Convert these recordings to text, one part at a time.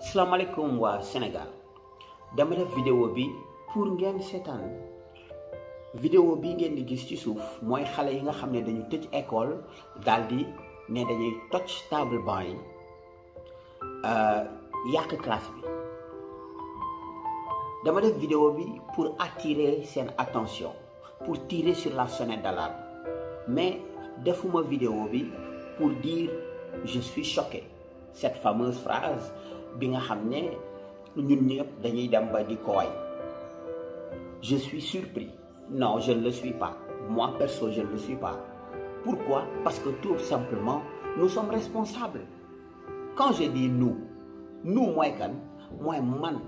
Salam alaikum wa Sénégal dama def vidéo bi pour ngeen seetaan vidéo bi ngeen di gis ci suuf mooy xale yi nga xam ne dañu tëj école daal di ne dañuy toj table banc yi euh, yàq classe bi dama def vidéo bi pour attirer seen attention pour tirer sur la sonnette d'alarme mais defuma vidéo bi pour dire je suis choqué cette fameuse phrase je suis surpris non je ne le suis pas moi perso je ne le suis pas pourquoi parce que tout simplement nous sommes responsables quand je dis nous nous moi, kan mooy man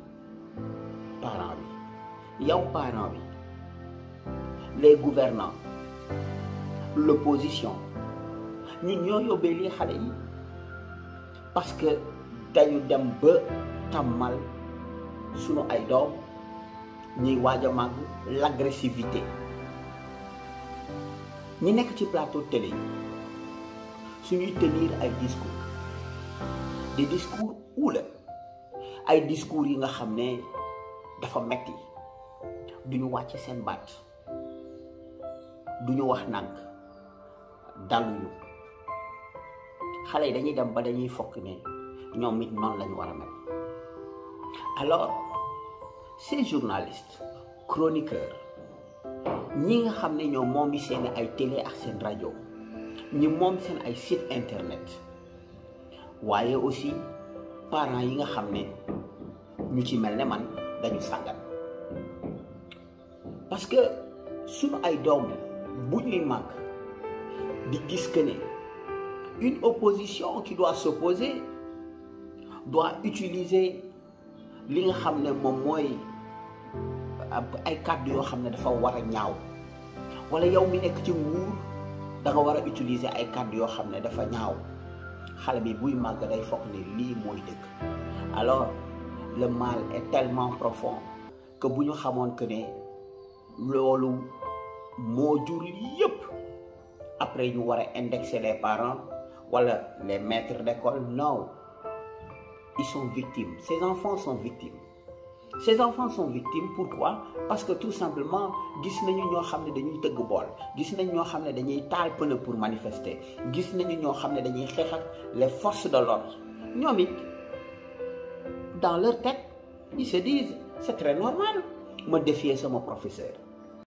parent n'y a parent les gouvernants l'opposition nous ñoo pas lii parce que dañu dem ba tàmmal sunu ay doom ñuy waaj a màgg l'agressivité ñi nekk ci plateau télé suñuy tenir ay discours des discours ula ay discours yi nga xam ne dafa metti duñu wàcce seen baat duñu wax nànk daluñu xale yi dañuy dem ba dañuy fokk ne ñoom it noonu la ñu war a mel alors ces journalistes chroniqueurs ñi nga xam ne ñoom moom yi seen ay télé ak seen rajo ñi moom seen ay site internet waaye aussi parents yi nga xam ne ñu ci mel ne man dañu sàggan parce que suñu ay doom bu ñuy màgg di gis que ne une opposition qui doit s'opposer doit utiliser li nga xamné mom moy ay cadre yo xamné dafa wara ñaaw wala yow mi nek ci nguur da nga wara utiliser ay cadre yo xamné dafa ñaaw bi buy mag day li moy dëkk alors le mal est tellement profond que buñu xamone que ne lolu mo jur yépp après ñu wara indexer les parents wala les maîtres d'école non sont victimes. Ces enfants sont victimes. Ces enfants sont victimes pourquoi parce que tout simplement pour manifester les forces de l'ordre dans leur tête ils se disent c'est très normal me défier mon professeur